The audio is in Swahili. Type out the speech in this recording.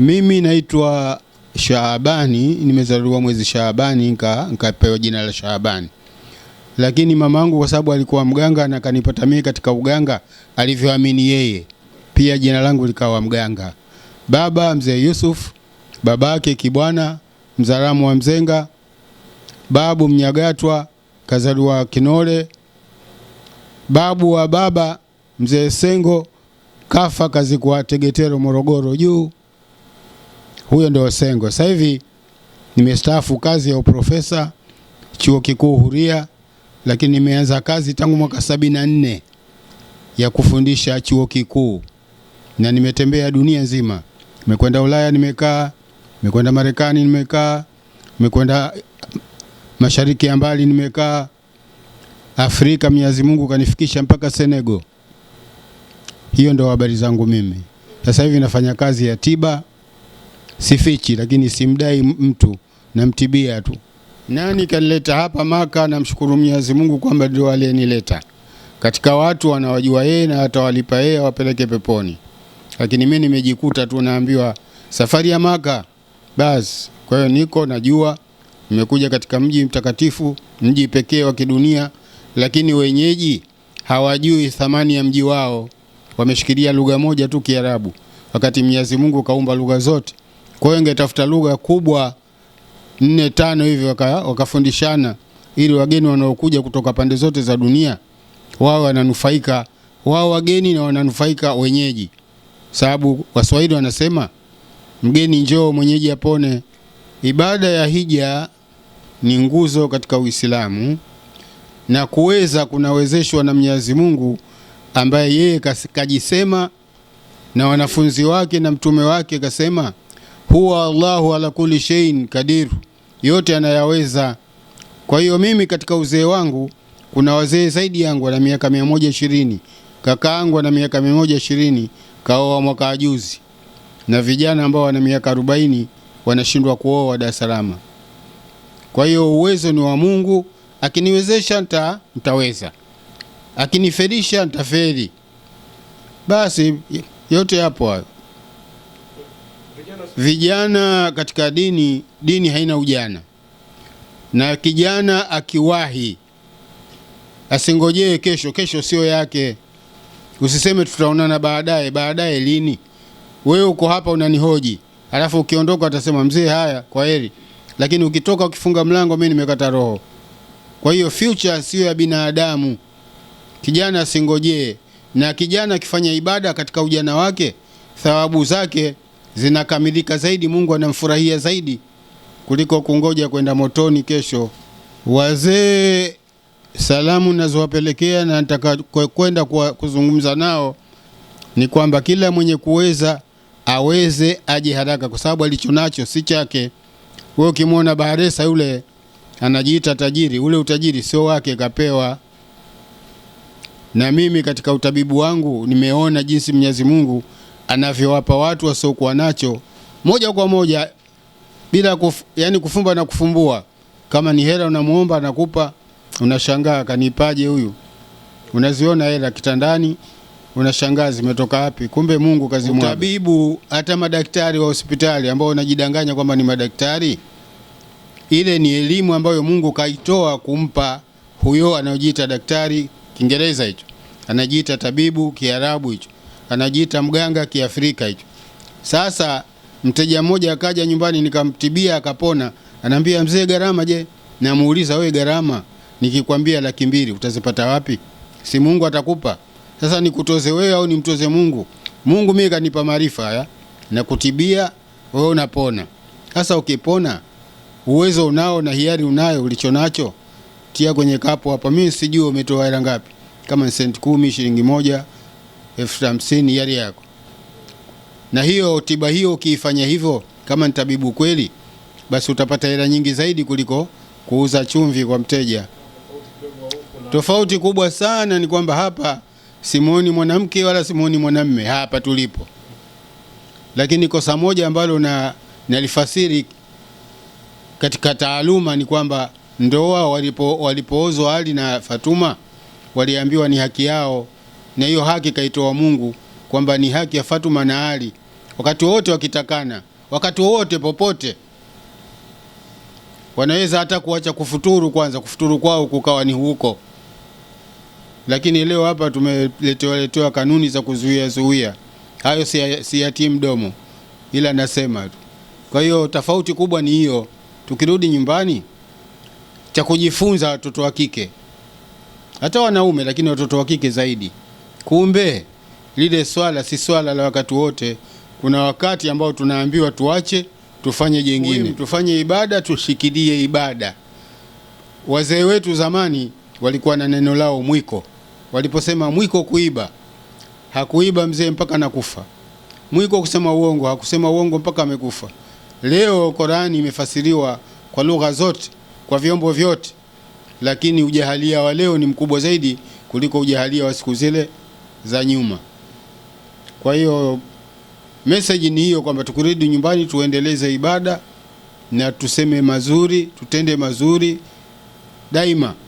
Mimi naitwa Shaabani, nimezaliwa mwezi Shaabani nikapewa jina la Shaabani, lakini mamangu kwa sababu alikuwa mganga na kanipata mimi katika uganga alivyoamini yeye, pia jina langu likawa Mganga. Baba mzee Yusuf, babake Kibwana Mzaramu wa Mzenga, babu Mnyagatwa kazaliwa Kinole, babu wa baba mzee Sengo kafa kazikuwa Tegetero Morogoro juu huyo ndio Sengo. Sasa hivi nimestaafu kazi ya uprofesa chuo kikuu huria, lakini nimeanza kazi tangu mwaka sabini na nne ya kufundisha chuo kikuu, na nimetembea dunia nzima. Nimekwenda Ulaya nimekaa, nimekwenda Marekani nimekaa, nimekwenda mashariki ya mbali nimekaa, Afrika Mwenyezi Mungu kanifikisha mpaka Senegal. Hiyo ndio habari zangu mimi. Sasa hivi nafanya kazi ya tiba sifichi, lakini simdai mtu, namtibia tu. Nani kanileta hapa Maka, namshukuru Mwenyezi Mungu kwamba ndio aliyenileta katika watu wanawajua yeye na atawalipa yeye, awapeleke peponi. Lakini mimi nimejikuta tu naambiwa safari ya Maka basi. Kwa hiyo niko najua nimekuja katika mji mtakatifu, mji pekee wa kidunia, lakini wenyeji hawajui thamani ya mji wao, wameshikilia lugha moja tu Kiarabu, wakati Mwenyezi Mungu kaumba lugha zote. Kwa hiyo ingetafuta lugha kubwa nne tano hivi waka, wakafundishana ili wageni wanaokuja kutoka pande zote za dunia wao wananufaika wao wageni na wananufaika wenyeji, sababu Waswahili wanasema mgeni njoo mwenyeji apone. Ibada ya hija ni nguzo katika Uislamu na kuweza kunawezeshwa na Mwenyezi Mungu ambaye yeye kajisema na wanafunzi wake na mtume wake kasema huwa Allahu ala kulli shay'in kadir, yote anayaweza. Kwa hiyo mimi katika uzee wangu kuna wazee zaidi yangu ana miaka 120, ishirini kaka yangu ana miaka 120, ishirini kaoa mwaka juzi, na vijana ambao wana miaka arobaini wanashindwa kuoa Dar es Salaam. Kwa hiyo uwezo ni wa Mungu, akiniwezesha nta ntaweza, akiniferisha ntaferi. Basi yote yapo hayo vijana katika dini, dini haina ujana, na kijana akiwahi asingojee kesho. Kesho sio yake. Usiseme tutaonana baadaye. Baadaye lini? Wewe uko hapa unanihoji, alafu ukiondoka atasema mzee, haya kwa heri, lakini ukitoka ukifunga mlango, mimi nimekata roho. Kwa hiyo future sio ya binadamu. Kijana asingojee, na kijana akifanya ibada katika ujana wake, thawabu zake zinakamilika zaidi, Mungu anamfurahia zaidi kuliko kungoja kwenda motoni kesho. Wazee salamu nazowapelekea na nataka kwenda kuzungumza nao ni kwamba kila mwenye kuweza aweze aje haraka, kwa sababu alicho nacho si chake. Wewe ukimwona baharesa yule anajiita tajiri, ule utajiri sio wake, kapewa. Na mimi katika utabibu wangu nimeona jinsi Mwenyezi Mungu anavyowapa watu wasiokuwa nacho moja kwa moja bila kuf, yani kufumba na kufumbua. Kama ni hela unamuomba anakupa, unashangaa kanipaje huyu? Unaziona hela kitandani, unashangaa zimetoka wapi? Kumbe Mungu kazi mwema. Tabibu hata madaktari wa hospitali ambao unajidanganya kwamba ni madaktari, ile ni elimu ambayo Mungu kaitoa kumpa huyo anayojiita daktari, Kiingereza hicho anajiita tabibu, Kiarabu hicho anajiita mganga Kiafrika hicho. Sasa mteja mmoja akaja nyumbani nikamtibia akapona, anaambia mzee, gharama je? Namuuliza, wewe gharama nikikwambia laki mbili utazipata wapi? Si Mungu atakupa. Sasa nikutoze wewe au nimtoze Mungu? Mungu mimi kanipa maarifa haya na kutibia wewe unapona. Sasa ukipona uwezo unao na hiari unayo ulichonacho tia kwenye kapu hapa. Mimi sijui umetoa hela ngapi, kama senti kumi, shilingi moja elfu hamsini yako. Na hiyo tiba hiyo ukiifanya hivyo, kama ni tabibu kweli, basi utapata hela nyingi zaidi kuliko kuuza chumvi kwa mteja. Tofauti kubwa sana ni kwamba hapa simuoni mwanamke wala simuoni mwanamme hapa tulipo, lakini kosa moja ambalo na nalifasiri katika taaluma ni kwamba ndoa walipo walipoozwa Ali na Fatuma waliambiwa ni haki yao na hiyo haki kaitoa Mungu kwamba ni haki ya Fatuma na Ali wakati wowote wakitakana, wakati wowote popote wanaweza hata kuacha kufuturu kwanza, kufuturu kwao kukawa ni huko. Lakini leo hapa tumeletewa letewa kanuni za kuzuia zuia, hayo siyatii mdomo, ila nasema tu. Kwa hiyo tofauti kubwa ni hiyo. Tukirudi nyumbani, cha kujifunza watoto wa kike, hata wanaume, lakini watoto wa kike zaidi. Kumbe lile swala si swala la wakati wote. Kuna wakati ambao tunaambiwa tuache, tufanye jengine, tufanye ibada, tushikilie ibada. Wazee wetu zamani walikuwa na neno lao mwiko. Waliposema mwiko kuiba, hakuiba mzee mpaka nakufa. Mwiko kusema uongo, hakusema uongo mpaka amekufa. Leo Qurani imefasiriwa kwa lugha zote, kwa vyombo vyote, lakini ujahalia wa leo ni mkubwa zaidi kuliko ujahalia wa siku zile za nyuma. Kwa hiyo message ni hiyo kwamba tukirudi nyumbani tuendeleze ibada na tuseme mazuri, tutende mazuri daima.